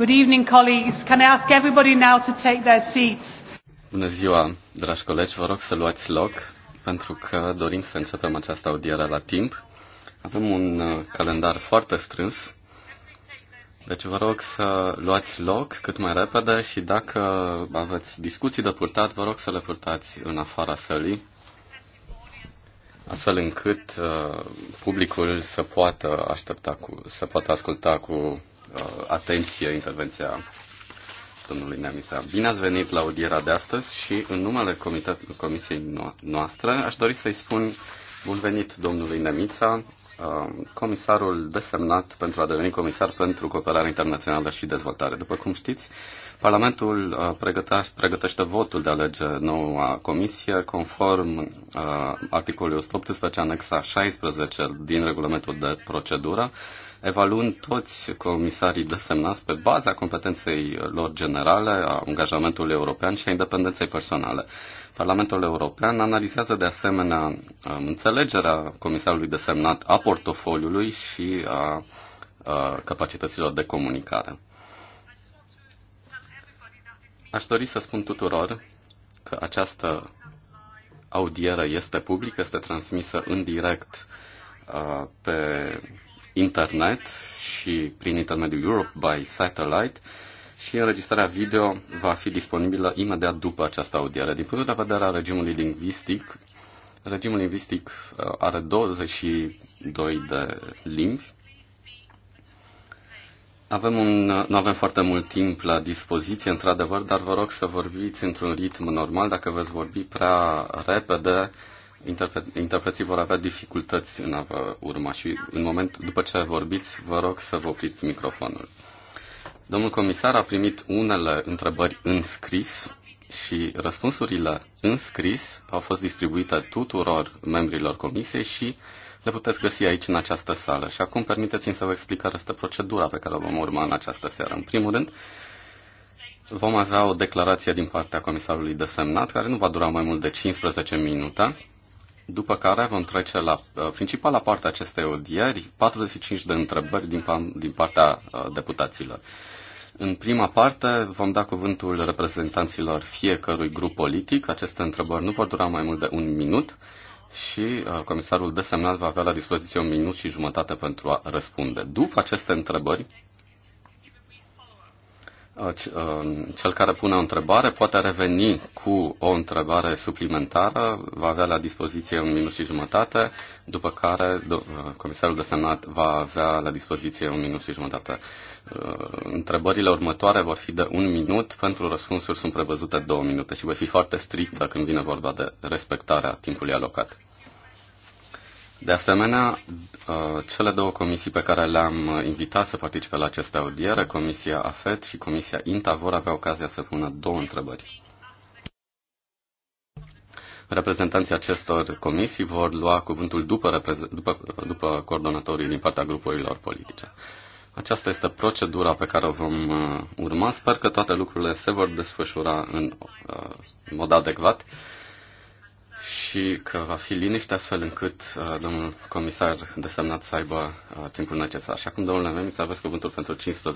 Good evening, colleagues. Can I ask everybody now to take their seats? Bună ziua, dragi colegi, vă rog să luați loc pentru că dorim să începem această audiere la timp. Avem un uh, calendar foarte strâns, deci vă rog să luați loc cât mai repede și dacă aveți discuții de purtat, vă rog să le purtați în afara sălii, astfel încât uh, publicul să poată, aștepta cu, să poată asculta cu Uh, atenție intervenția domnului Neamița. Bine ați venit la audierea de astăzi și în numele comisiei noastre aș dori să-i spun bun venit domnului Nemița, uh, comisarul desemnat pentru a deveni comisar pentru cooperare internațională și dezvoltare. După cum știți, Parlamentul uh, pregătește votul de alege noua comisie conform articolului 118 anexa 16 din regulamentul de procedură evaluând toți comisarii desemnați pe baza competenței lor generale, a angajamentului european și a independenței personale. Parlamentul European analizează de asemenea um, înțelegerea comisarului desemnat a portofoliului și a capacităților de comunicare. Aș dori să spun tuturor că această audieră este publică, este transmisă în direct pe internet și prin intermediul Europe by Satellite și înregistrarea video va fi disponibilă imediat după această audiere. Din punct de vedere al regimului lingvistic, regimul lingvistic uh, are 22 de limbi. Avem un, nu avem foarte mult timp la dispoziție, într-adevăr, dar vă rog să vorbiți într-un ritm normal. Dacă veți vorbi prea repede, interpre- interpreții vor avea dificultăți în a vă urma și în moment, după ce vorbiți, vă rog să vă opriți microfonul. Domnul comisar a primit unele întrebări în scris și răspunsurile în scris au fost distribuite tuturor membrilor comisiei și le puteți găsi aici în această sală. Și acum permiteți-mi să vă explic care este procedura pe care o vom urma în această seară. În primul rând, vom avea o declarație din partea comisarului desemnat, care nu va dura mai mult de 15 minute după care vom trece la uh, principala parte a acestei odieri, 45 de întrebări din, din partea uh, deputaților. În prima parte vom da cuvântul reprezentanților fiecărui grup politic. Aceste întrebări nu vor dura mai mult de un minut și uh, comisarul desemnat va avea la dispoziție un minut și jumătate pentru a răspunde. După aceste întrebări, Uh, cel care pune o întrebare poate reveni cu o întrebare suplimentară, va avea la dispoziție un minut și jumătate, după care uh, comisarul de desemnat va avea la dispoziție un minut și jumătate. Uh, întrebările următoare vor fi de un minut, pentru răspunsuri sunt prevăzute două minute și voi fi foarte strictă când vine vorba de respectarea timpului alocat. De asemenea, uh, cele două comisii pe care le-am invitat să participe la aceste audiere, Comisia AFET și Comisia INTA, vor avea ocazia să pună două întrebări. Reprezentanții acestor comisii vor lua cuvântul după, după, după coordonatorii din partea grupurilor politice. Aceasta este procedura pe care o vom uh, urma. Sper că toate lucrurile se vor desfășura în, în uh, mod adecvat și că va fi liniște astfel încât uh, domnul comisar desemnat să aibă uh, timpul necesar. Și acum, domnule Memiț, aveți cuvântul pentru 15